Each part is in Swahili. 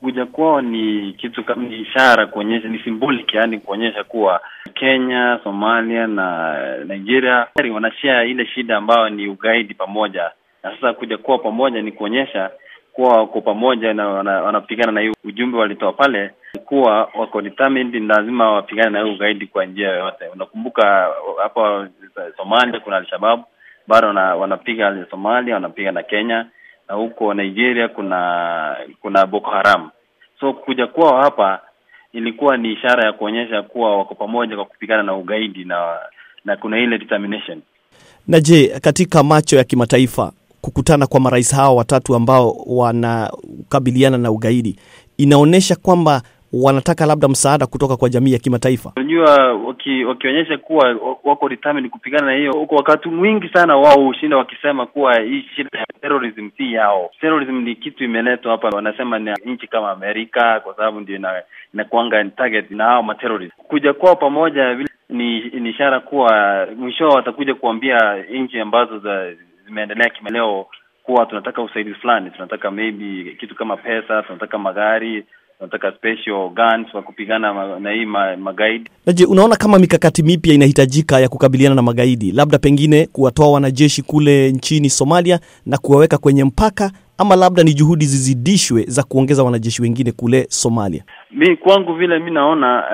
kuja kwao ni kitu kama ni ishara kuonyesha, ni symbolic, yani kuonyesha kuwa Kenya, Somalia na Nigeria wanashia ile shida ambayo ni ugaidi pamoja, na sasa kuja kwao pamoja ni kuonyesha kuwa wako pamoja na wanapigana na hiyo ujumbe walitoa pale kuwa wako determined, lazima wapigane na hiyo ugaidi kwa njia yoyote. Unakumbuka hapa Somalia kuna Alshababu bado wanapiga Somalia, wanapiga na Kenya na huko Nigeria kuna kuna Boko Haram. So kuja kwao hapa ilikuwa ni ishara ya kuonyesha kuwa wako pamoja kwa kupigana na ugaidi na na kuna ile determination. Na je, katika macho ya kimataifa kukutana kwa marais hawa watatu ambao wanakabiliana na ugaidi inaonyesha kwamba wanataka labda msaada kutoka kwa jamii ya kimataifa unajua, waki, wakionyesha kuwa wako determined kupigana na hiyo huko. Wakati mwingi sana wao hushinda wakisema kuwa hii shida ya terrorism si yao, terrorism ni kitu imeletwa hapa, wanasema ni nchi kama Amerika kwa sababu ndio inakuanga target na hao materrorist. Kuja kwao pamoja vile ni ni ishara kuwa mwisho watakuja kuambia nchi ambazo za zimeendelea kimeleo kuwa tunataka usaidizi fulani, tunataka maybe kitu kama pesa, tunataka magari tunataka special guns wa kupigana na hii magaidi. Na je, unaona kama mikakati mipya inahitajika ya kukabiliana na magaidi, labda pengine kuwatoa wanajeshi kule nchini Somalia na kuwaweka kwenye mpaka ama labda ni juhudi zizidishwe za kuongeza wanajeshi wengine kule Somalia. Mi kwangu vile mi naona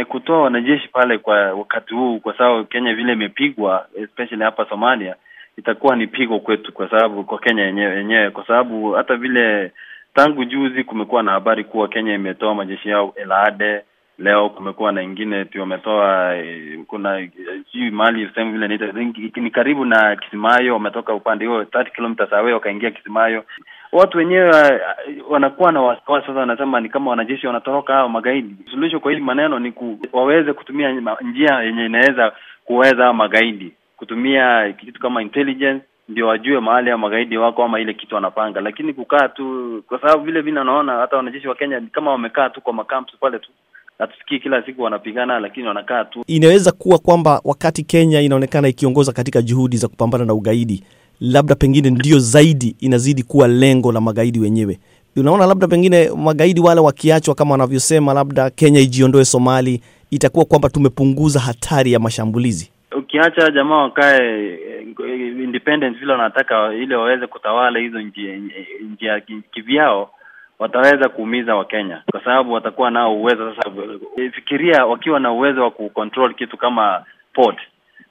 eh, kutoa wanajeshi pale kwa wakati huu, kwa sababu Kenya vile imepigwa especially hapa Somalia, itakuwa ni pigo kwetu, kwa sababu kwa Kenya yenyewe, kwa sababu hata vile Tangu juzi kumekuwa na habari kuwa Kenya imetoa majeshi yao Elade, leo kumekuwa na ingine wametoa, eh, kuna eh, sijui mali sehemu vile naita ni karibu na Kisimayo, wametoka upande huo 30 kilomita away wakaingia Kisimayo. Watu wenyewe eh, wanakuwa na wasiwasi sasa, wanasema ni kama wanajeshi wanatoroka hao magaidi. Suluhisho kwa hili maneno ni ku, waweze kutumia njia yenye inaweza kuweza hao magaidi kutumia kitu kama intelligence ndio wajue mahali ya magaidi wako ama ile kitu wanapanga, lakini kukaa tu, kwa sababu vile vile naona hata wanajeshi wa Kenya kama wamekaa tu kwa makampu pale tu hatusikii kila siku wanapigana, lakini wanakaa tu. Inaweza kuwa kwamba wakati Kenya inaonekana ikiongoza katika juhudi za kupambana na ugaidi, labda pengine ndio zaidi inazidi kuwa lengo la magaidi wenyewe. Unaona, labda pengine magaidi wale wakiachwa, kama wanavyosema, labda Kenya ijiondoe Somali, itakuwa kwamba tumepunguza hatari ya mashambulizi. Ukiacha jamaa wakae independence vile wanataka ili waweze kutawala hizo njia, kivyao wataweza kuumiza Wakenya kwa sababu watakuwa nao uwezo sasa. Eh, fikiria wakiwa na uwezo wa kucontrol kitu kama port,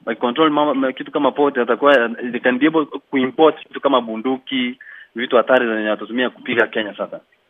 wakicontrol kitu kama port watakuwa they can be able kuimport kitu kama bunduki, vitu hatari zenye watatumia kupiga Kenya sasa.